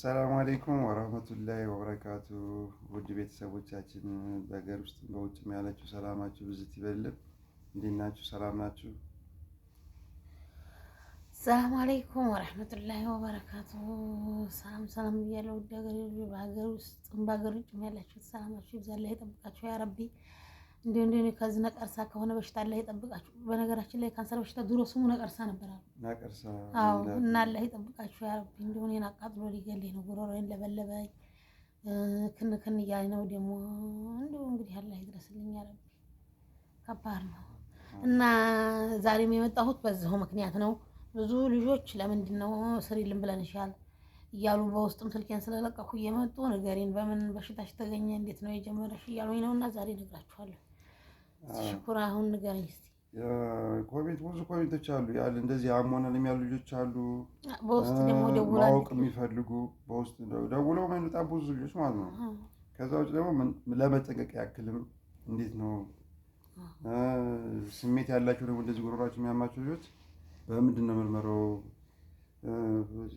ሰላም አሌይኩም ወረህመቱላሂ ወበረካቱ ውድ ቤተሰቦቻችን በሀገር ውስጥ በውጭም ያላችሁ ሰላማችሁ ብዝት ይበልልን። እንዴት ናችሁ? ሰላም ናችሁ? ሰላም አሌይኩም ወረህመቱላሂ ወበረካቱ። ሰላም ሰላም ብያለሁ። ውድ ሀገር በሀገር ውስጥ በሀገር ውጭም ያላችሁ ሰላማችሁ ይብዛላ፣ ይጠብቃችሁ ያረቢ እንዲሁ እንዲሁ ከዚህ ነቀርሳ ከሆነ በሽታ አላህ ይጠብቃችሁ። በነገራችን ላይ ካንሰር በሽታ ድሮ ስሙ ነቀርሳ ነበር አሉ። አዎ እና አላህ ይጠብቃችሁ ያረቢ። እንዲሁ እኔን አቃጥሎ ሊገለኝ ነው፣ ጉሮሮዬን ለበለበኝ፣ ክን ክን እያለኝ ነው። ደግሞ እንዲሁ እንግዲህ አላህ ይድረስልኝ ያረቢ። ከባድ ነው እና ዛሬም የመጣሁት በዚሁ ምክንያት ነው። ብዙ ልጆች ለምንድን ነው ስሪልን ይሻል እያሉ በውስጥም ስልኬን ስለለቀኩ እየመጡ ነገሬን በምን በሽታሽ ተገኘ እንዴት ነው የጀመረሽ እያሉኝ ነው እና ዛሬ እነግራችኋለሁ። ሽኩር አሁን ንገረኝ እስኪ። ኮሜንት ብዙ ኮሜንቶች አሉ ያለ እንደዚህ አሞናል የሚያሉ ልጆች አሉ። በውስጥ ማወቅ የሚፈልጉ በውስጥ ደውለው መንጣ ብዙ ልጆች ማለት ነው። ከዛ ውጭ ደግሞ ለመጠንቀቅ ያክልም እንዴት ነው ስሜት ያላቸው ደግሞ እንደዚህ ጉሮሯቸው የሚያማቸው ልጆች በምንድን ነው ምርመራው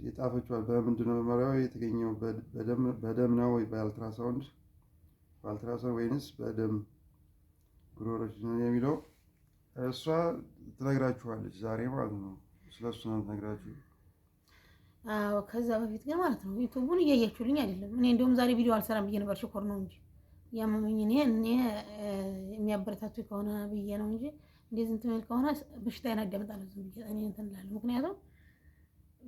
የጣፈችዋል? በምንድን ነው ምርመራው የተገኘው? በደም ነው ወይ በአልትራሳውንድ በአልትራሳውንድ ወይንስ በደም ጉሮሮች የሚለው እሷ ትነግራችኋለች ዛሬ ማለት ነው። ስለሱ ነው ትነግራችሁ። አዎ ከዛ በፊት ግን ማለት ነው ዩቱቡን እያያችሁልኝ አይደለም። እኔ እንደውም ዛሬ ቪዲዮ አልሰራም ብዬ ነበር። ሽኮር ነው እንጂ ያመመኝ እኔ እኔ የሚያበረታቱ ከሆነ ብዬ ነው እንጂ እንደዚህ እንትን የሚል ከሆነ በሽታዬን አዳምጣለሁ ዝም ብዬ እኔ እንትን እላለሁ። ምክንያቱም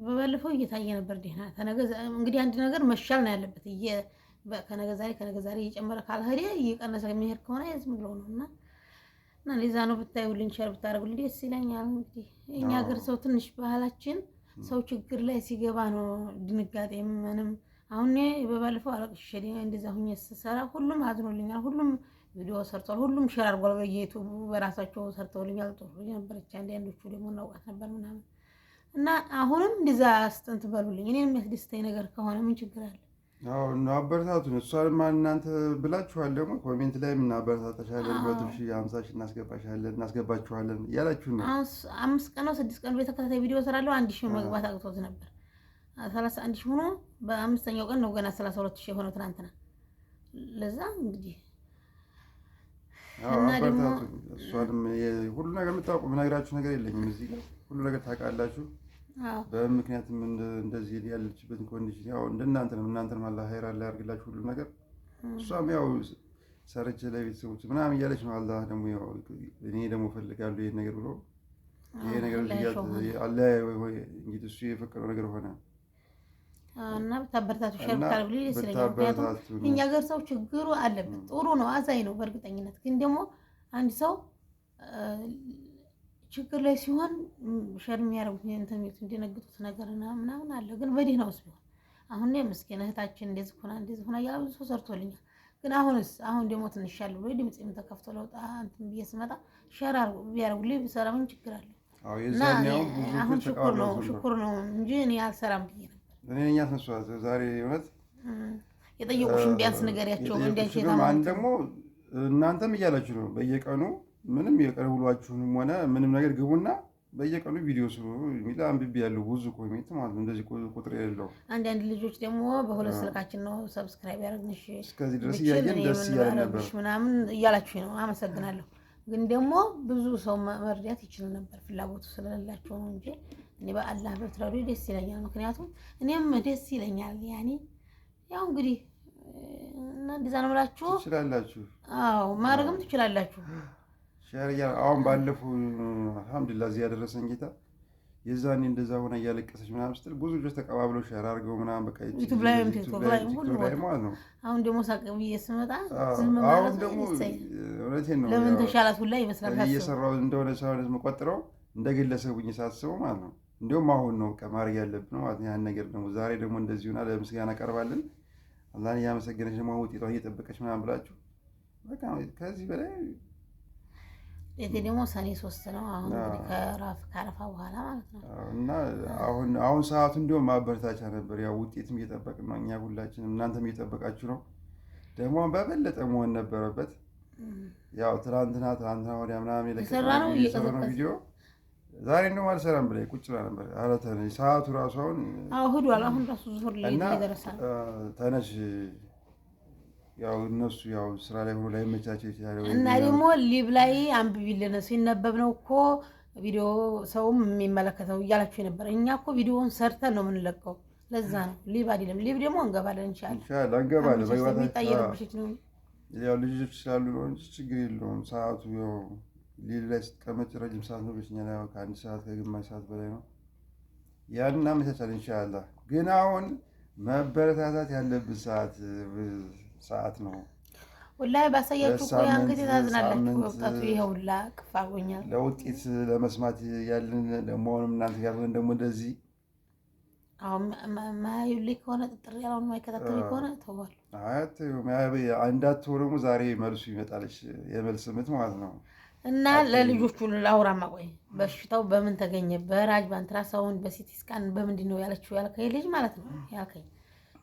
በባለፈው እየታየ ነበር ደህና ተነገ እንግዲህ አንድ ነገር መሻል ነው ያለበት። ከነገ ዛሬ ከነገ ዛሬ እየጨመረ ካልሄደ እየቀነሰ የሚሄድ ከሆነ ዝም ብሎ ነው እና እና ለዛ ነው ብታዩልኝ፣ ሸር ብታደርጉልኝ ደስ ይለኛል። እንግዲህ እኛ ሀገር ሰው ትንሽ ባህላችን ሰው ችግር ላይ ሲገባ ነው ድንጋጤ ምንም። አሁን በባለፈው አለቅሼ እንደዛ ሁኜ ስሰራ ሁሉም አዝኖልኛል። ሁሉም ቪዲዮ ሰርቷል። ሁሉም ሸር አድርጓል። በየዩቱብ በራሳቸው ሰርተውልኛል። ጥሩ ነበረች። አንዳንዶቹ ደግሞ እናውቃት ነበር ምናምን እና አሁንም እንደዛ አስጠንት በሉልኝ። እኔ የሚያስደስተኝ ነገር ከሆነ ምን ችግር አለ? አበረታቱን። እሷንማ እናንተ ብላችኋል። ደግሞ ኮሜንት ላይ እናበረታታሻለን፣ መቶ ሺህ ሀምሳ ሺህ እናስገባሻለን እናስገባችኋለን እያላችሁ ነው። አምስት ቀን ነው ስድስት ቀን የተከታታይ ቪዲዮ ስራለሁ። አንድ ሺ መግባት አቅቶት ነበር። ሰላሳ አንድ ሺ ሆኖ በአምስተኛው ቀን ነው ገና ሰላሳ ሁለት የሆነ የሆነው ትናንትና። ለዛ እንግዲህ ሁሉ ነገር የምታውቁ የምነግራችሁ ነገር የለኝም። እዚህ ሁሉ ነገር ታውቃላችሁ። በምክንያትም እንደዚህ ያለችበትን ኮንዲሽን ያው እንደናንተ እንደናንተንም እናንተንም አላህ ኸይር ላይ ያርግላችሁ ሁሉ ነገር። እሷም ያው ሰርቼ ለቤተሰቦች ምናምን እያለች ነው። አላህ ደግሞ ያው እኔ ደግሞ እፈልጋለሁ ይሄን ነገር ብሎ ይሄ ነገር አላህ ወይ እንግዲህ እሱ የፈቀደው ነገር ሆነ እና ብታበረታቱ ሸር ብታደርጉልኝ ደስ ይለኛል። ምክንያቱም እኛ ሀገር ሰው ችግሩ አለበት ጥሩ ነው አዛኝ ነው። በእርግጠኝነት ግን ደግሞ አንድ ሰው ችግር ላይ ሲሆን ሸር የሚያደርጉት እንትን እንዲነግጡት ነገር ምናምን አለ። ግን በዲህ ነው ቢሆን አሁን ላይ ምስኪን እህታችን እንደዚህ ሆና እንደዚህ ሆና ያብዙ ሰው ሰርቶልኛል። ግን አሁንስ አሁን ደግሞ ትንሽ አለ ብሎ ድምጽ የምተከፍቶ ለውጣ እንትን ብዬ ስመጣ ሸር ቢያደርጉልኝ ብሰራ ምን ችግር አለ? አሁን ሽኩር ነው ሽኩር ነው እንጂ እኔ አልሰራም ብዬ ነበር። እኔ ያስነሷል ዛሬ እውነት የጠየቁሽን ቢያንስ ንገሪያቸው። እንዲያንሽ ደግሞ እናንተም እያላችሁ ነው በየቀኑ ምንም የቀረብሏችሁንም ሆነ ምንም ነገር ግቡና በየቀኑ ቪዲዮ ስሩ የሚል አንብቤ ያለው ብዙ ኮሜንት ማለት ነው። እንደዚህ ቁጥር የለው አንዳንድ ልጆች ደግሞ በሁለት ስልካችን ነው ሰብስክራይብ ያደረግንሽ እስከዚህ ድረስ እያየን ደስ እያለ ነበር ምናምን እያላችሁ ነው። አመሰግናለሁ። ግን ደግሞ ብዙ ሰው መርዳት ይችል ነበር። ፍላጎቱ ስለሌላቸው ነው እንጂ እኔ በአላህ በትረዱ ደስ ይለኛል። ምክንያቱም እኔም ደስ ይለኛል። ያኔ ያው እንግዲህ እና እንደዛ ነው ብላችሁ ትችላላችሁ። አዎ ማድረግም ትችላላችሁ። አሁን ባለፈው አልሐምዱሊላህ እዚህ ያደረሰን ጌታ የዛኔ እንደዛ ሆና እያለቀሰች ምናምን ስትል ብዙ ልጆች ተቀባብለው ሸር አድርገው ምናምን በቃ ዩቱብ ላይ ማለት ነው። አሁን ደግሞ አሁን ደግሞ እውነቴን ነው ለምን ተሻላት ሁላ ይመስላል እየሰራው እንደሆነ ሳይሆን መቆጥረው እንደ ግለሰቡ ሳስበው ማለት ነው። እንዲሁም አሁን ነው ማድረግ ያለብን ነው ያን ነገር ደግሞ ዛሬ ደግሞ እንደዚህ ሆና ለምስጋና ቀርባለን። አላህን እያመሰገነች ደግሞ ውጤቷ እየጠበቀች ምናምን ብላችሁ በቃ ከዚህ በላይ ቤቴ ደግሞ ሰኔ ሶስት ነው። አሁን በኋላ ማለት ነው። እና አሁን አሁን ሰዓቱ እንዲሁም ማበረታቻ ነበር። ያው ውጤትም እየጠበቅን ነው እኛ ሁላችንም፣ እናንተም እየጠበቃችሁ ነው። ደግሞ በበለጠ መሆን ነበረበት። ያው ትናንትና ትናንትና ወዲያ ምናምን የለቀቀው ቪዲዮ ዛሬ እንደውም አልሰራም ቁጭ ብላ ነበር። ኧረ ተነሽ፣ ሰዓቱ ራሱ አሁን አሁን ራሱ ዙር ላይ ተነሽ ያው እነሱ ያው ስራ ላይ ሆኖ ላይ መቻቸው ይችላል እና ደግሞ ሊብ ላይ አንብቢል ነው ሲነበብ ነው እኮ ቪዲዮ ሰውም የሚመለከተው እያላችሁ የነበረ እኛ እኮ ቪዲዮውን ሰርተን ነው የምንለቀው። ለዛ ነው ሊብ አይደለም። ሊብ ደግሞ እንገባለን እንሻለን እንገባለን። በሚጠየቅብሽት ነው ያው ልጆች ስላሉ ሆን ችግር የለውም። ሰዓቱ ያው ሊብ ላይ ስትቀመጭ ረጅም ሰዓት ነው ብሽኛ ላይ ከአንድ ሰዓት ከግማሽ ሰዓት በላይ ነው። ያን እናመቻቻለን። እንሻላ ግን አሁን መበረታታት ያለብን ሰዓት ሰዓት ነው። ወላሂ ባሳያችሁ እኮ ያን ጊዜ ታዝናላችሁ። መብጣቱ ይኸውላ ቅፍ ለውጤት ለመስማት ያለን ለመሆኑም እናንተ ያለን ደግሞ እንደዚህ አሁን ማያዩልኝ ከሆነ ጥጥር ያለውን ማይከታተል ከሆነ ተዋል እንዳትሆ ደግሞ ዛሬ መልሱ ይመጣለች። የመልስ ምት ማለት ነው። እና ለልጆቹ ለአውራማ ቆይ በሽታው በምን ተገኘ? በራጅ ባንትራሳውንድ፣ በሲቲ ስካን፣ በምንድን ነው ያለችው ያልከኝ ልጅ ማለት ነው ያልከኝ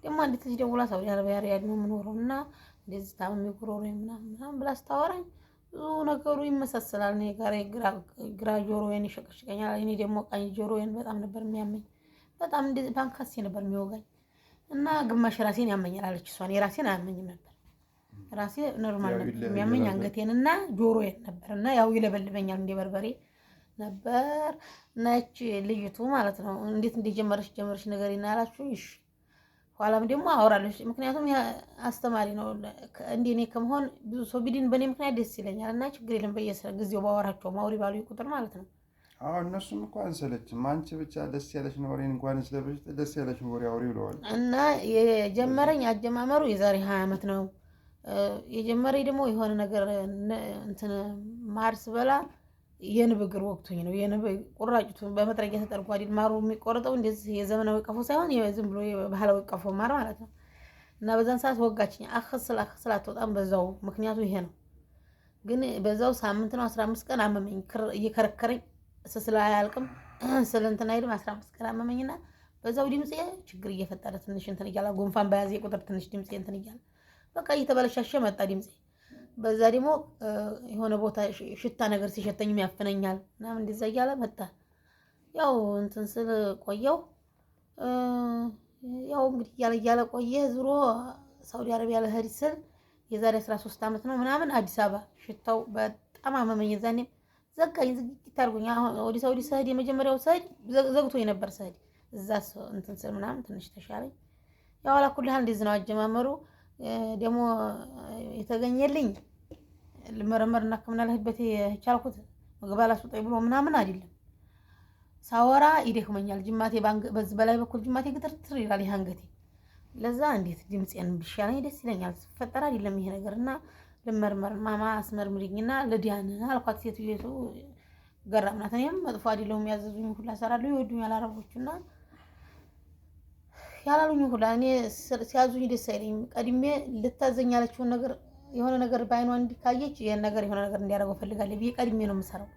ደግሞ አንዲት ልጅ ደውላ ሳውዲ አረቢያ ሪያድ ነው የምኖረው እና እንደዚህ ታምሜ ጉሮሮ ምናምን ብላ ስታወራኝ ብዙ ነገሩ ይመሳሰላል። እኔ ጋር ግራ ጆሮዬን ይሸቀሽቀኛል። እኔ ደግሞ ቀኝ ጆሮዬን በጣም ነበር የሚያመኝ። በጣም እንደዚህ ባንካሴ ነበር የሚወጋኝ እና ግማሽ ራሴን ያመኛል አለች። እሷን የራሴን አያመኝም ነበር። ራሴ ኖርማል ነበር የሚያመኝ አንገቴን እና ጆሮዬን ነበር እና ያው ይለበልበኛል እንደ በርበሬ ነበር። እና ልጅቱ ማለት ነው እንዴት እንደጀመረች ጀመረች ነገር ይናላችሁ። እሺ ኋላም ደግሞ አወራለች። ምክንያቱም አስተማሪ ነው። እንደ እኔ ከመሆን ብዙ ሰው ቢድን በእኔ ምክንያት ደስ ይለኛል። እና ችግር የለም በየስራ ጊዜው ባወራቸው ማውሪ ባሉ ቁጥር ማለት ነው። አዎ እነሱም እኮ አንሰለችም። አንቺ ብቻ ደስ ያለሽን ወሬ እንኳን ስለበሽ ደስ ያለሽን ወሬ አውሪ ብለዋል። እና የጀመረኝ አጀማመሩ የዛሬ ሀያ ዓመት ነው። የጀመረኝ ደግሞ የሆነ ነገር እንትን ማርስ በላ የንብ እግር ወቅቶኝ ነው። የንብ ቁራጭቱ በመጥረጊያ ተጠርጎ አይደል ማሩ የሚቆረጠው እንደዚህ የዘመናዊ ቀፎ ሳይሆን ዝም ብሎ የባህላዊ ቀፎ ማር ማለት ነው። እና በዛን ሰዓት ወጋችኝ። አክስል አክስል አትወጣም። በዛው ምክንያቱ ይሄ ነው። ግን በዛው ሳምንት ነው አስራ አምስት ቀን አመመኝ እየከረከረኝ ስስላ አያልቅም ስለ እንትን አይልም አስራ አምስት ቀን አመመኝና በዛው ድምፅ ችግር እየፈጠረ ትንሽ እንትን እያለ ጉንፋን በያዘ ቁጥር ትንሽ ድምፅ እንትን እያለ በቃ እየተበለሻሸ መጣ ድምፄ በዛ ደግሞ የሆነ ቦታ ሽታ ነገር ሲሸተኝም ያፍነኛል ምናምን እንደዛ እያለ መጣ። ያው እንትን ስል ቆየው። ያው እንግዲህ እያለ እያለ ቆየ። ዝሮ ሳውዲ አረቢያ ለህድ ስል የዛሬ 13 ዓመት ነው ምናምን አዲስ አበባ ሽታው በጣም አመመኝ። ዛኔም ዘጋኝ፣ ዝግጅት አድርጎኝ ወዲ ሳውዲ ሰህድ የመጀመሪያው ሰህድ ዘግቶ የነበር ሰህድ እዛ እንትን ስል ምናምን ትንሽ ተሻለኝ። ያው አላኩልህ እንደዚህ ነው አጀማመሩ ደግሞ የተገኘልኝ ልመረመር እና ሕክምና ልሄድበት የቻልኩት ምግብ አላስወጣኝ ብሎ ምናምን አይደለም። ሳወራ ይደክመኛል። ጅማቴ በዚህ በላይ በኩል ጅማቴ ግትርትር ይላል አንገቴ። ለዛ እንዴት ድምፄን ብሻለኝ ደስ ይለኛል። ስፈጠር አይደለም ይሄ ነገር እና ልመርመር ማማ አስመርምሪኝና ልዲያን አልኳት። ሴትዮቱ ገራም ናት። እኔም መጥፎ አይደለሁም። ያዘዙኝ ሁላ እሰራለሁ። ይወዱኛል አረቦቹና ያላሉኝ ሁላ እኔ ሲያዙኝ ደስ አይለኝም። ቀድሜ ልታዘኛለችውን ነገር የሆነ ነገር በአይኗ እንዲካየች ያን ነገር የሆነ ነገር እንዲያደርገው ፈልጋለ ብዬ ቀድሜ ነው የምሰራው።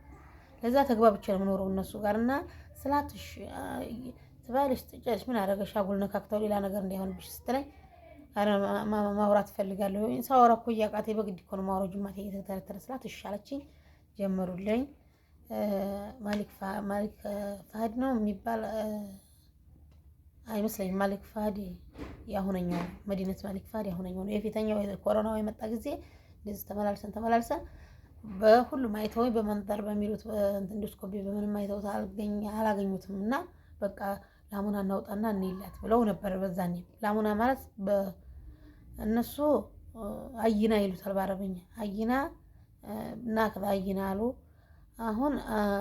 ለዛ ተግባብቼ ነው የምኖረው እነሱ ጋር እና ስላትሽ ትባልሽ ጥጨሽ ምን አደረገሽ አጉል ነካክተው ሌላ ነገር እንዳይሆንብሽ ስትለኝ ማውራት እፈልጋለሁ። ሳወራ እኮ እያቃተኝ በግድ እኮ ነው ማውራት ጅማት የተተረተረ ስላት እሺ አለችኝ። ጀመሩልኝ። ማሊክ ፋህድ ነው የሚባል አይመስለኝም። ማሊክ ፋዲ የአሁነኛው መዲነት ማሊክ ፋዲ የአሁነኛው ነው። የፊተኛው ኮሮናው የመጣ ጊዜ እንደዚህ ተመላልሰን ተመላልሰን በሁሉም አይተው በመንጠር በሚሉት ኢንዶስኮፒ በምንም አይተው አላገኙትም እና በቃ ላሙና እናውጣና እንይላት ብለው ነበር። በዛኔ ላሙና ማለት እነሱ አይና ይሉታል በአረብኛ አይና እና አይና አሉ አሁን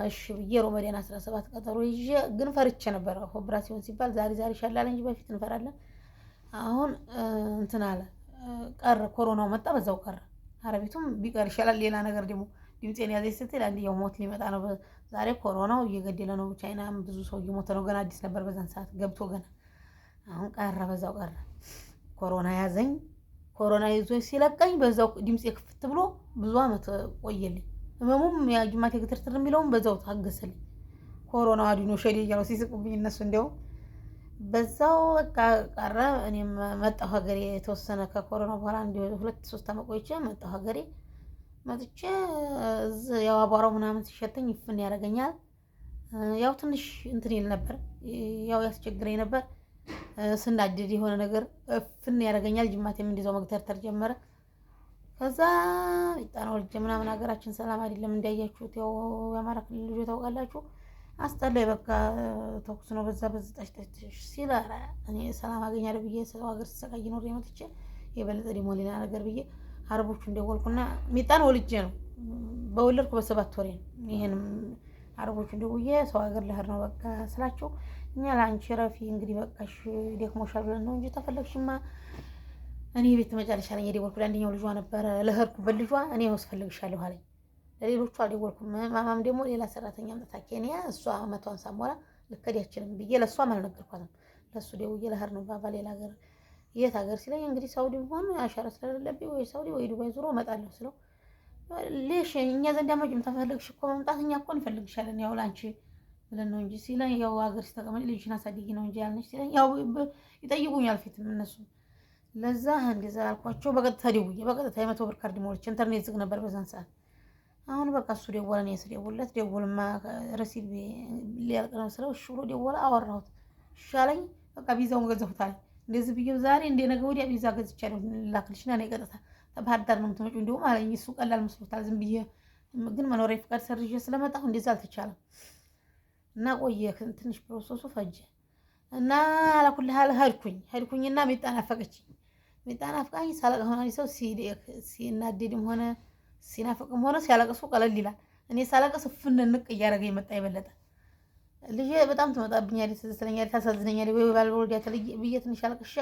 እሺ ብዬ ሮመዳን ሰባት ቀጠሮ ይዤ ግን ፈርቼ ነበር። ኦፕራሲዮን ሲባል ዛሬ ዛሬ ይሻላል እንጂ በፊት እንፈራለን። አሁን እንትን አለ ቀረ፣ ኮሮናው መጣ፣ በዛው ቀረ። አረቢቱም ቢቀር ይሻላል። ሌላ ነገር ደግሞ ድምፄን ያዘች ስትል አንድዬው ሞት ሊመጣ ነው። ዛሬ ኮሮናው እየገደለ ነው፣ ቻይና ብዙ ሰው እየሞተ ነው። ገና አዲስ ነበር በዛን ሰዓት ገብቶ ገና አሁን ቀረ፣ በዛው ቀረ። ኮሮና ያዘኝ፣ ኮሮና ይዞኝ ሲለቀኝ በዛው ድምፄ ክፍት ብሎ ብዙ አመት ቆየልኝ። ህመሙም የጅማቴ ግትርትር የሚለውም በዛው ታገሰልኝ። ኮሮና አዲኖ ሸዴ እያለው ሲስቁብኝ እነሱ እንዲያውም በዛው በቃ ቀረ። እኔም መጣሁ ሀገሬ የተወሰነ ከኮሮና በኋላ እንዲ ሁለት ሶስት ዓመት ቆይቼ መጣሁ ሀገሬ። መጥቼ ያው አቧራው ምናምን ሲሸተኝ ይፍን ያደርገኛል። ያው ትንሽ እንትን ይል ነበር፣ ያው ያስቸግረኝ ነበር። ስናድድ የሆነ ነገር እፍን ያደርገኛል። ጅማቴም እንዲዛው መግተርተር ጀመረ። ከዛ ይጣና ወልጀ ምናምን ሀገራችን ሰላም አይደለም እንዳያችሁት፣ ያው የአማራ ክልል ልጆች ታውቃላችሁ፣ አስጠላይ በቃ ተኩስ ነው በዛ በዚ ጠሽጠሽ ሲል እኔ ሰላም አገኛለ ብዬ ሰው ሀገር ሲሰቃይ ኖር የመጥቼ የበለጠ ደግሞ ሌላ ነገር ብዬ አረቦቹ እንደወልኩና ሚጣን ወልጄ ነው በወለድኩ በሰባት ወሬ ነው። ይሄንም አረቦቹ እንደውዬ ሰው ሀገር ልሄድ ነው በቃ ስላቸው እኛ ለአንቺ ረፊ እንግዲህ በቃሽ ደክሞሻል ብለን ነው እንጂ ተፈለግሽማ እኔ ቤት መጨረሻ ላይ የደወልኩ ለአንደኛው ልጇ ነበረ ለህርኩበት ልጇ እኔ ወስፈልግሻለሁ አለኝ። ለሌሎቹ አልደወልኩም። ማማም ደግሞ ሌላ ሰራተኛ መጣ ኬንያ፣ እሷ መቷን ሳሞራ ልከዳችንም ብዬ ለእሷም አልነገርኳትም። ለእሱ ደውዬ ለህር ነው ባባ ሌላ ሀገር የት ሀገር ሲለኝ እንግዲህ ሳውዲ ሆን አሻራ ስለሌለብኝ ወይ ሳውዲ ወይ ዱባይ ዙሮ እመጣለሁ ስለው ሌሽ እኛ ዘንድ መጭም ተፈልግሽ እኮ መምጣት እኛ እኮ እንፈልግሻለን ያው ለአንቺ ብለን ነው እንጂ ሲለኝ ያው ሀገር ሲተቀመጭ ልጅሽን አሳድጊ ነው እንጂ ያልነች ሲለኝ ያው ይጠይቁኛል ፊትም እነሱ ለዛ እንደዛ አልኳቸው። በቀጥታ ደውዬ በቀጥታ የመቶ ብር ካርድ ሞልቼ ኢንተርኔት ዝግ ነበር በዛን ሰዓት። አሁን በቃ እሱ ደወለ፣ እኔ ስደውልለት ደውልማ ረሲድ ሊያልቅ ነው ስለው እሺ ብሎ ደወለ። አወራሁት እሺ በቃ ቪዛውን ገዘፉታል። እንደዚህ ብዬው ዛሬ እንደ ነገ ወዲያ ቪዛ ገዝቻለሁ ላክልሽና እኔ ቀጥታ ባህር ዳር ነው የምትመጪው እንዲሁም አለኝ። እሱ ቀላል መስሎታል ዝም ብዬ ግን መኖሪያ ፈቃድ ሰርዤ ስለመጣሁ እንደዛ አልተቻለም እና ቆየ ትንሽ ፕሮሰሱ ፈጀ እና አላኩልህ ሄድኩኝ ሄድኩኝና ሚጣ ናፈቀችኝ ሚጣን አፍቃኝ ሳለቅስ ሆነ ሰው ሲናደድም ሆነ ሲናፍቅም ሆነ ሲያለቅሱ ቀለል ይላል። እኔ ሳለቅስ ፍንንቅ እያደረገ የመጣ ይበለጠ ልጅ በጣም ትመጣብኛል፣ ትዝ ታሳዝነኛል። ወይ ባልወልድ ያተለየ ብዬ ትንሽ አልቅሼ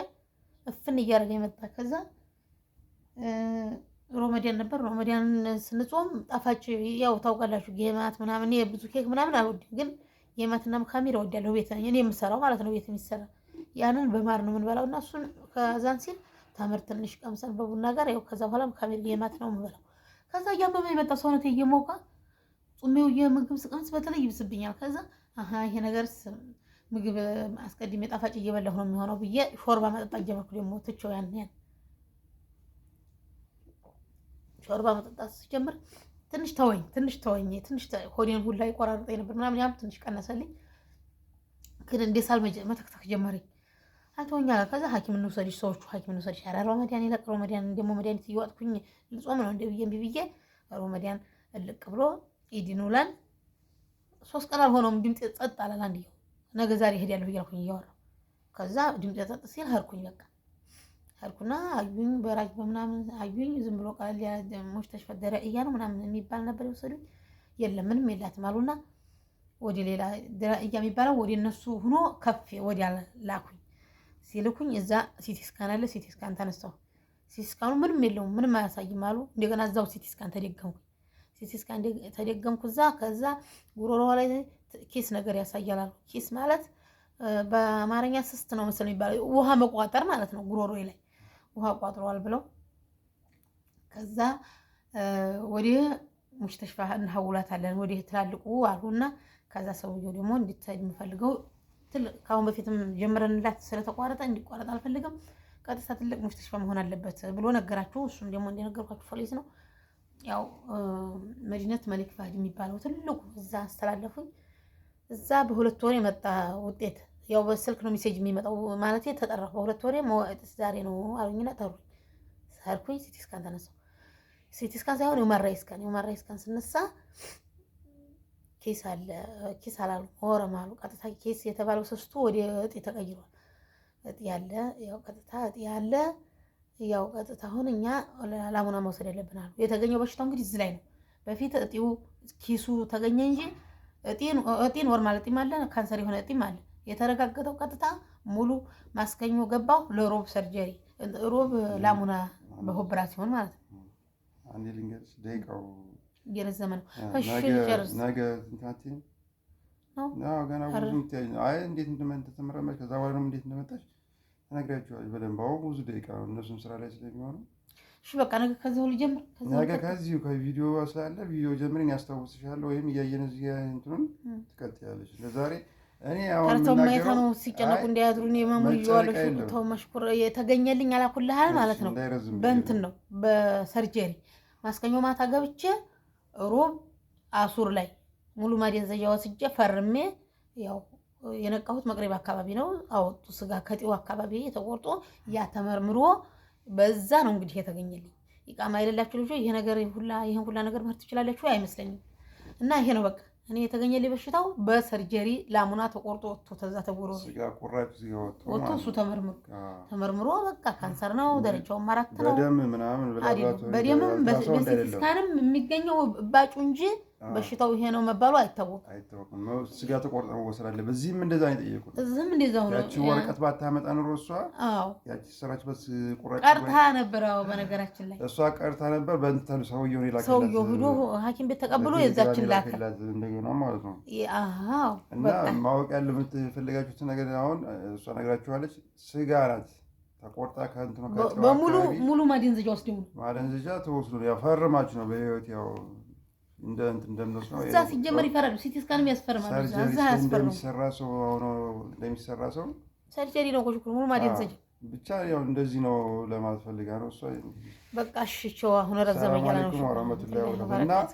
እፍን እያደረገ የመጣ ከዛ ሮመዲያን ነበር። ሮመዲያን ስንጾም ጣፋጭ ያው ታውቃላችሁ፣ ጌማት ምናምን ብዙ ኬክ ምናምን አልወድም፣ ግን ጌማትና ምካሚር እወዳለሁ። ቤት እኔ የምሰራው ማለት ነው፣ ቤት የሚሰራ ያንን በማር ነው የምንበላው እና እሱን ከዛን ሲል ተምር ትንሽ ቀምሰን በቡና ጋር ያው ከዛ በኋላም ከሚል የማት ነው የምበላው። ከዛ እያመመ የመጣ ሰውነት እየሞቃ ጾሜው የምግብ ስቀምስ በተለይ ይብስብኛል። ከዛ አሀ ይሄ ነገር ምግብ አስቀድሜ ጣፋጭ እየበላሁ ነው የሚሆነው ብዬ ሾርባ መጠጣት ጀመርኩ። ደግሞ ትቼው ያን ያን ሾርባ መጠጣት ስጀምር ትንሽ ተወኝ ትንሽ ተወኝ ትንሽ ሆዴን ሁላ ይቆራርጠኝ ነበር ምናምን ያም ትንሽ ቀነሰልኝ። ግን እንደ ሳል መተክተክ ጀመረኝ። አልተወኛል። ከዛ ሐኪም እንውሰድሽ ሰዎቹ ሐኪም እንውሰድሽ ኧረ ሮመዲያን ይለቅ ሮመዲያን ደግሞ መድኃኒት እየዋጥኩኝ ልጾም ነው እንደ ብዬ እምቢ ብዬ ሮመዳን እልቅ ብሎ ኢድን ውለን ሶስት ቀን አልሆነውም ድምጤ ጸጥ አላል። አንድየው ነገ ዛሬ እሄዳለሁ እያልኩኝ እያወራሁ ከዛ ድምጤ ጸጥ ሲል ሄድኩኝ በቃ ሄድኩና አዩኝ በራጅ በምናምን አዩኝ። ዝም ብሎ ቃል ሞች ተሽፈደረ እያሉ ምናምን የሚባል ነበር የወሰዱኝ። የለም ምንም የላትም አሉና ወደ ሌላ ድራ ድራእያ የሚባለው ወደ እነሱ ሆኖ ከፍ ወዲያ ላኩኝ። ሲልኩኝ እዛ ሲቲ ስካን አለ። ሲቲ ስካን ተነሳሁ። ሲቲ ስካኑ ምንም የለውም ምንም አያሳይም አሉ። እንደገና እዛው ሲቲ ስካን ተደገምኩ። ሲቲ ስካን ተደገምኩ እዛ። ከዛ ጉሮሮ ላይ ኬስ ነገር ያሳያል አሉ። ኬስ ማለት በአማርኛ ስስት ነው መስል የሚባለው ውሃ መቋጠር ማለት ነው። ጉሮሮ ላይ ውሃ ቋጥሯል ብለው ከዛ ወዲህ ሙሽተሽፋ እንሀውላታለን ወዲህ ትላልቁ አሉና ከዛ ሰውየው ደግሞ እንድታይ የምፈልገው ትልቅ ከአሁን በፊትም ጀምረንላት ስለተቋረጠ እንዲቋረጥ አልፈልግም። ቀጥታ ትልቅ ሙሽተሽፋ መሆን አለበት ብሎ ነገራችሁ። እሱም ደግሞ እንደነገርኳችሁ ፖሊስ ነው። ያው መዲነት መሊክ ፋህድ የሚባለው ትልቁ እዛ አስተላለፉኝ። እዛ በሁለት ወር የመጣ ውጤት ያው በስልክ ነው ሜሴጅ የሚመጣው ማለት ተጠራ። በሁለት ወር መዋዕጥስ ዛሬ ነው አሉኝና ጠሩኝ። ሳርኩኝ ሲቲ ስካን ተነሳው። ሲቲ ስካን ሳይሆን የማራይ ስካን የማራይ ስካን ስነሳ ኬስ አለ ኬስ አላሉ ወረም አሉ። ቀጥታ ኬስ የተባለው ሶስቱ ወደ እጢ ተቀይሯል። እጢ ያለ ያው ቀጥታ እጢ ያለ ያው ቀጥታ አሁን እኛ ላሙና መውሰድ ያለብን አሉ። የተገኘው በሽታው እንግዲህ እዚህ ላይ ነው። በፊት እጢው ኪሱ ተገኘ እንጂ እጢ ኖርማል እጢም አለ፣ ካንሰር የሆነ እጢም አለ። የተረጋገጠው ቀጥታ ሙሉ ማስገኘው ገባው ለሮብ ሰርጀሪ ሮብ ላሙና በኦፕራሲዮን ማለት ነው። አንዴ እየረዘመ ነው። ነገ እንዴት እንደተመረመች ከዛ በኋላ እንዴት እንደመጣች በደንብ። አሁን ብዙ ደቂቃ ነው እነሱም ስራ ላይ ስለሚሆኑ እሺ በቃ ነገ ነገ ከዚሁ ከቪዲዮ ስላለ ቪዲዮ ያስታውስሻለሁ፣ ወይም እያየን እዚህ እንትኑን ትቀጥያለች ለዛሬ እኔ ነው ሲጨነቁ እንዳያድሩ እኔ ተው መሽኩር የተገኘልኝ አላኩልሃል ማለት ነው። በእንትን ነው በሰርጀሪ ማስከኛው ማታ ገብቼ ሮብ አሱር ላይ ሙሉ ማደንዘዣ ወስጄ ፈርሜ ያው የነቃሁት መቅረብ አካባቢ ነው። አወጡ ስጋ ከጤው አካባቢ ተቆርጦ ያ ተመርምሮ በዛ ነው እንግዲህ የተገኘልኝ። ይቃማ የሌላችሁ ልጆች ይሄ ነገር ሁላ ይሄን ሁላ ነገር መርት ትችላላችሁ አይመስለኝም። እና ይሄ ነው በቃ እኔ የተገኘልኝ በሽታው በሰርጀሪ ላሙና ተቆርጦ ወጥቶ ተዛ ተጎሮ ወጥቶ እሱ ተመርምሮ ተመርምሮ በቃ ካንሰር ነው፣ ደረጃውም አራት ነው። በደምም በሲቲ ስካንም የሚገኘው እባጩ እንጂ በሽታው ይሄ ነው መባሉ አይታወቅም አይታወቅም። ስጋ ተቆርጦ መወሰድ አለ። በዚህም እንደዛ ነው የጠየቁት። እዚህም እንደዛ ነው። ያቺ ወረቀት ባታመጣ ኑሮ እሷ አዎ፣ ያቺ ሰራችበት ቁራጭ ቀርታ ነበር። አዎ፣ በነገራችን ላይ እሷ ቀርታ ነበር። በእንትን ሰውየው ላከላት፣ ሰውየው ሂዶ ሐኪም ቤት ተቀብሎ የዛችን ላከላት እንደገና ማለት ነው። አዎ። እና ማወቅ ያለ የምትፈልጋችሁት ነገር አሁን እሷ ነግራችኋለች። ስጋ ናት ተቆርጣ ከእንትኑ በሙሉ ሙሉ ማደንዘጃ ወስደው ማደንዘጃ ተወስዶ ያፈርማችሁ ነው በህይወት ያው እንደ እንትን እንደምንወስ ነው። እዛ ሲጀመር ይፈራሉ። ሲቲ ስካንም ያስፈርማል። እዛ ያስፈርማል። እንደሚሰራ ሰው ሆኖ እንደሚሰራ ሰው ሰርጀሪ ነው ኮሽ ኩርሙ ማዲን ዘጅ ብቻ ያው እንደዚህ ነው ለማለት ፈልጋ ነው እሷ። በቃ እሺ አሁን ረዘመኛ ነው። ሰላም አለይኩም ወራህመቱላሂ ወበረካቱ።